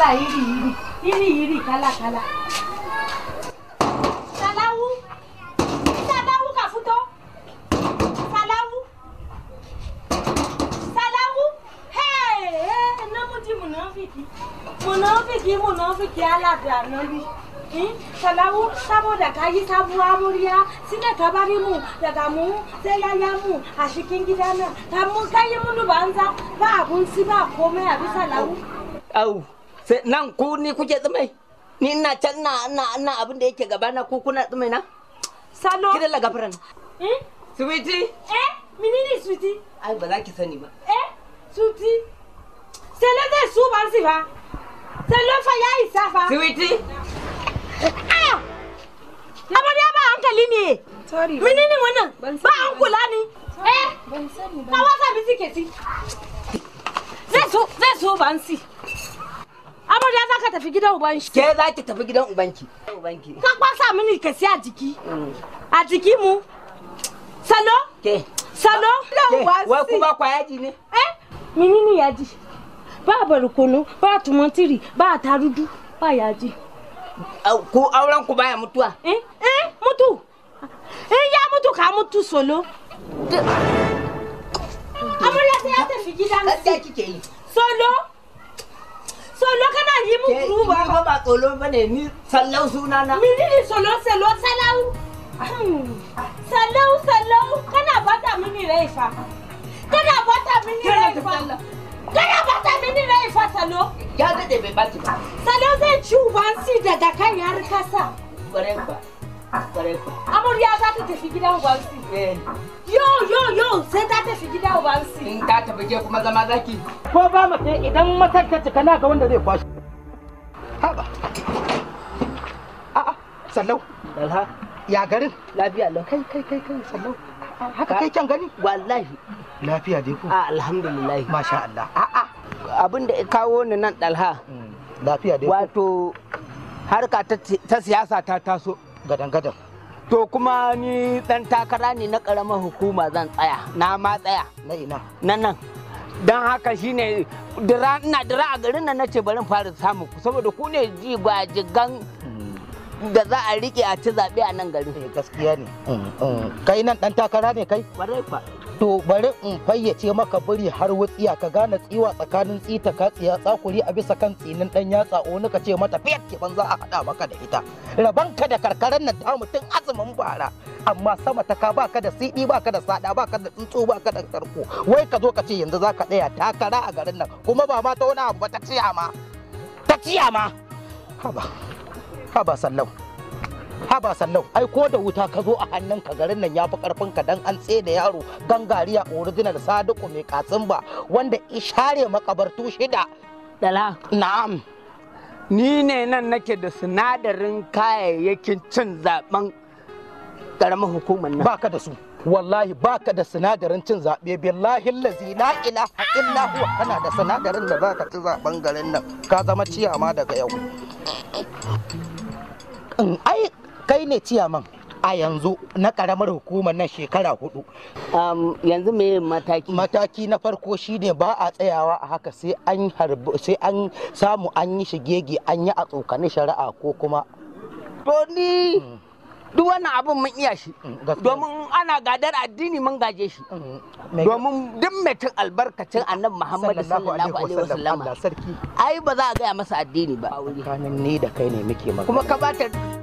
kálá ìrì ìrì ìrì ìrì kálá kálá. sàláwú sàláwú kàfútó sàláwú sàláwú hẹ́ẹ̀ nọ́mùdí mùnàfíkì mùnàfíkì mùnàfíkì aládùn ànábì salawu saboda ka yi sabuwa murya sine ka bari mu daga mu sai yaya mu a cikin gidana ta mun kai munu banza ba abun si ba komai a bisa lawu au sai nan ku ni kuke tsumai ni ina can na na na abin da yake gaba na ku kuna tsumai na salo kidalla gafran eh suwiti eh menene suwiti ai ba za ki sani ba eh sweetie sai la zai su ban si ba sai la fa yayi safa sweetie ah! amarya ba hankali ne sorry menene wannan ba an kula ni eh ban sani ba ka wasa bi ke si zai so zai so ban si Amarya za ka tafi gidan ubanki. Ke za ki tafi gidan ubanki. Ka kwasa mini ka siya jiki. Mm. A jiki mu. Salo? Ke. Salo? Wai kuma kwa yaji ne? Eh, menene yaji? Ba barkono, ba tumatiri, ba tarudu, ba yaji. Ku auren ku baya mutuwa? Eh, eh, mutu. Eh, ya mutu ka mutu solo. Amarya ta ya tafi gidan. Gaskiya kike yi. Solo? yi mun ba ba ba tsolo ni sallau solo salo salau salau salau kana bata mini rai fa kana bata mini rai fa kana bata mini rai fa salo ya bai zai ci daga kan yar kasa ba za ta tafi gidan eh. Yo yo yo sai ta tafi gidan ubansi. In ta tafi ke kuma zama zaki. Ko ba idan matar ta cika na ga wanda zai kwashi. ba a'a sallau ya garin lafiya lau kai kai kai kai sallau haka kai kyan gani wallahi lafiya dai ko a alhamdulillah masha Allah a'a abin da ya kawo ni nan dalha hmm. lafiya dai wato harka ta siyasa ta taso gadan gadan to kuma ni dan takara ne na karamar hukuma zan tsaya na ma tsaya na ina nan nan don haka shine dira ina dira a garin nan nace barin fara samu saboda ku ne ji ba jigan da za a rike a ci zaɓe a nan garin eh, gaskiya ne mm, mm. kai nan dan takara ne kai To bari in fayyace maka biri har wutsiya ka gane tsiwa tsakanin tsita ka tsiya tsakuri a bisa kan tsinin dan yatsa o ka ce mata fiyat ke banza a hada maka da ita. Rabanka da karkarar nan ta mutum azumin bara amma sama ta ka baka da sidi baka da sada baka da tsuntsu baka da sarko wai ka zo ka ce yanzu zaka tsaya takara a garin nan kuma ba ma ta wani abu ba ta ciya ma ta ciya ma haba haba sallau ha ba ai ko da wuta ka zo a hannun ka garin nan ya fi karfin ka dan an tse da yaro gangariya original sadiku mai katsimba wanda ishare makabartu shida dala na'am ni ne nan nake da sinadarin kayayyakin cin zaben karamin hukumar nan baka da su wallahi baka da sinadarin cin zaɓe billahi lazi la ilaha illa huwa kana da sinadarin da zaka ci zaben garin nan ka zama ciyama daga yau ai kai ne ciyaman a yanzu na karamar hukumar nan shekara hudu. Um, yanzu me mataki? Mataki na farko shine ba a tsayawa a haka sai an sai an samu an yi shigege an yi a tsokani shari'a ko kuma. Doni ni mm. duk wannan abin mun iya shi mm, domin ana gadar addini mun gaje shi mm, domin duk mai albarkacin annabi muhammadu sallallahu alaihi wasallam ai ba za a gaya masa addini ba ni da kai ne muke magana kuma ka bata